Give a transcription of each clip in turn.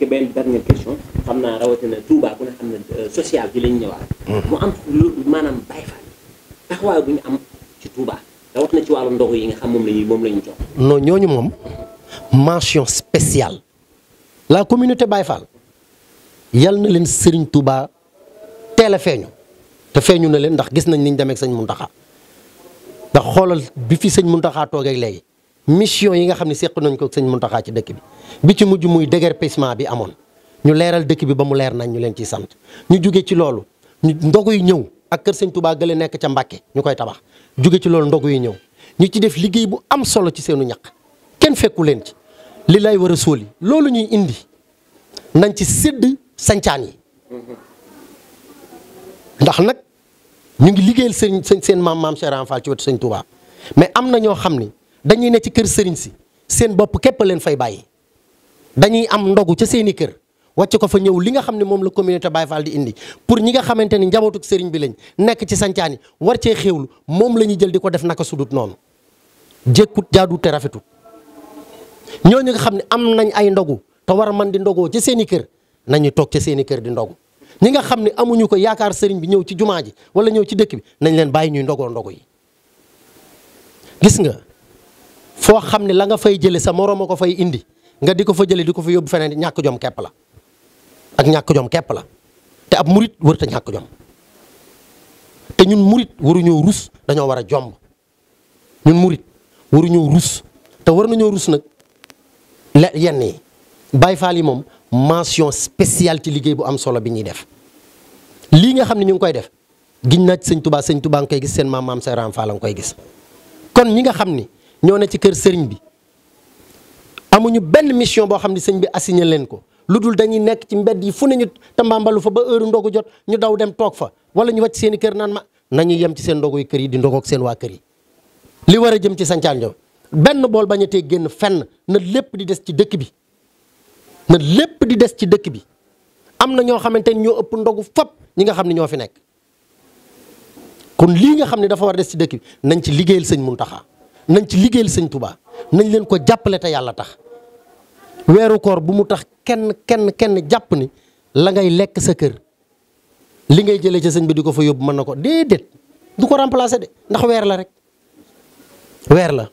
que benn question xam naa rawatina Touba ku ne xam ne euh, social bi lañ ñëwaat. Mm-hmm. mu am lu maanaam Baye Fall taxawaay bu ñu am ci Touba rawatina ci wàllu ndogu yi nga xam moom la ñuy moom la ñu jox. non ñooñu moom mention spéciale la communauté Baye Fall yal na leen sëriñ Touba teel a feeñu te feeñu na leen ndax gis nañ ni ñu demee ak sëñ Mountakha ndax xoolal bi fi sëñ Mountakha toogee léegi. mission yi nga xam ne seq nañ ko sëñ Muntaxa ci dëkk bi bi ci mujj muy déguerpissement bi amoon ñu leeral dëkk bi ba mu leer nañ ñu leen ciy sant ñu jóge ci loolu ñu ndogu yi ñëw ak kër sëñ Touba gële nekk ca Mbàkke ñu koy tabax jóge ci loolu ndogu yi ñëw ñu ci def liggéey bu am solo ci seenu ñaq kenn fekku leen ci li lay war a sóoli loolu ñuy indi nañ ci sédd sancaan yi ndax nag ñu ngi liggéeyal seen seen maam maam Cheikh Fall ci wetu sañ Touba mais am na ñoo xam ni dañuy ne ci kër sëriñ si seen bopp képp leen fay bàyyi dañuy am ndogu ca seeni kër wàcc ko fa ñëw li nga xam ne moom la communauté Baye Fall di indi pour ñi nga xamante ni njabootug sëriñ bi lañ nekk ci sancaani war cee xéewlu moom la ñuy jël di ko def naka sudut noonu jékkut jaadut te rafetut ñooñu nga xam ne am nañ ay ndogu te war a mën di ndogoo ca seeni kër nañu toog ca seeni kër di ndogu ñi nga xam ne amuñu ko yaakaar sëriñ bi ñëw ci jumaa ji wala ñëw ci dëkk bi nañ leen bàyyi ñuy ndogoo ndogu yi gis nga foo xam ne la nga fay jëlee sa moroom a ko fay indi nga di ko fa jëlee di ko fa yóbbu feneen ñàkk jom kepp la ak ñàkk jom kepp la te ab murit warut a ñàkk jom te ñun murit waruñoo rus dañoo war a jomb ñun murit waruñoo rus te war nañoo rus nag yenn yi Baay Faal yi moom mention spéciale ci liggéey bu am solo bi ñuy def lii nga xam ne ñu ngi koy def giñ naa ci sëñ Tubaa sëñ Tubaa nga koy gis seen maam maam Seex Ibra Faal nga koy gis kon ñi nga xam ni ñoo ne ci kër sëriñ bi amuñu benn mission boo xam ne sëñ bi assigné leen ko lu dul dañuy nekk ci mbedd yi fu ne ñu tambaambalu fa ba heure ndogu jot ñu daw dem toog fa wala ñu wàcc seen i kër naan ma nañu yem ci seen ndoguy kër yi di ndogoog seen waa kër yi li war a jëm ci sancaan ñoom benn bool bañ te génn fenn na lépp di des ci dëkk bi na lépp di des ci dëkk bi am na ñoo xamante ni ñoo ëpp ndogu fop ñi nga xam ne ñoo fi nekk kon lii nga xam ne dafa des ci dëkk bi nañ ci liggéeyal sëñ Muntaxa nañ ci liggéeyal sëñ Touba nañ leen ko jàppale te yàlla tax weeru koor bu mu tax kenn kenn kenn jàpp ni la ngay lekk sa kër li ngay jëlee ci sañ bi di ko fa yóbbu mën na ko déedéet du ko remplacer de ndax weer la rek weer la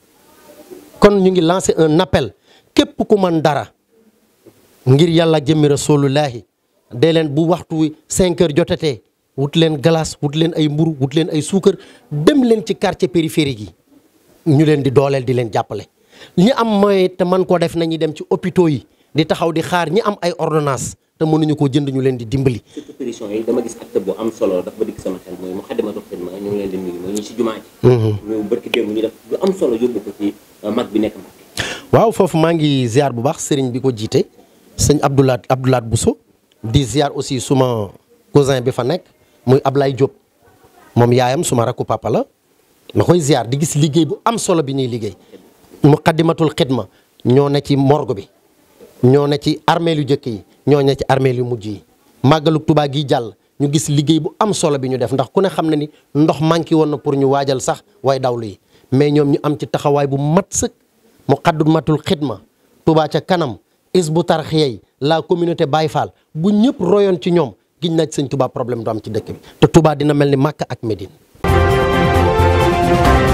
kon ñu ngi lancer un appel képp ku man dara ngir yàlla jëmmi rasulullahi dee leen bu waxtu wi 5 heures wut leen glace wut leen ay mburu wut leen ay suukar dem leen ci quartier périphérique yi ñu leen di dooleel di leen jàppale ñi am mooy te man koo def nañuy dem ci hôpitaux yi di taxaw di xaar ñi am ay ordonnance te mënuñu koo jënd ñu leen di dimbali. surtout pétitions am solo sama xel mooy Moukhaddamatoul Khidma ñu ngi leen di si jumaa ji. Mhm. ñu barki lu am solo yóbbu ko ci euh, mag bi nekk waaw foofu maa ngi ziar bu baax sëriñ bi ko jiite sëñ Abdoulaat Abdoulaat Bousso di ziar aussi suma cousin bi fa nekk muy Ablaye jóob moom yaayam suma rakku papa ma koy ziar di gis liggéey bu am solo bi ñuy liggéey mu muqaddimatul xidma ñoo ne ci morgue bi ñoo ne ci armeel yu njëkk yi ñoo ne ci armeel yu mujj yi màggalu tubaa gi jàll ñu gis liggéey bu am solo bi ñu def ndax ku ne xam na ni ndox manqué woon na pour ñu waajal sax way dawlu yi mais ñoom ñu am ci taxawaay bu mat sëkk muqaddimatul xidma Tuubaa ca kanam bu tarxiya yi la communauté Baye faal bu ñëpp royoon ci ñoom giñ naaj sëñ Tuubaa problème du ci dëkk bi te Tuubaa dina mel ni Màkka ak Médine Thank you.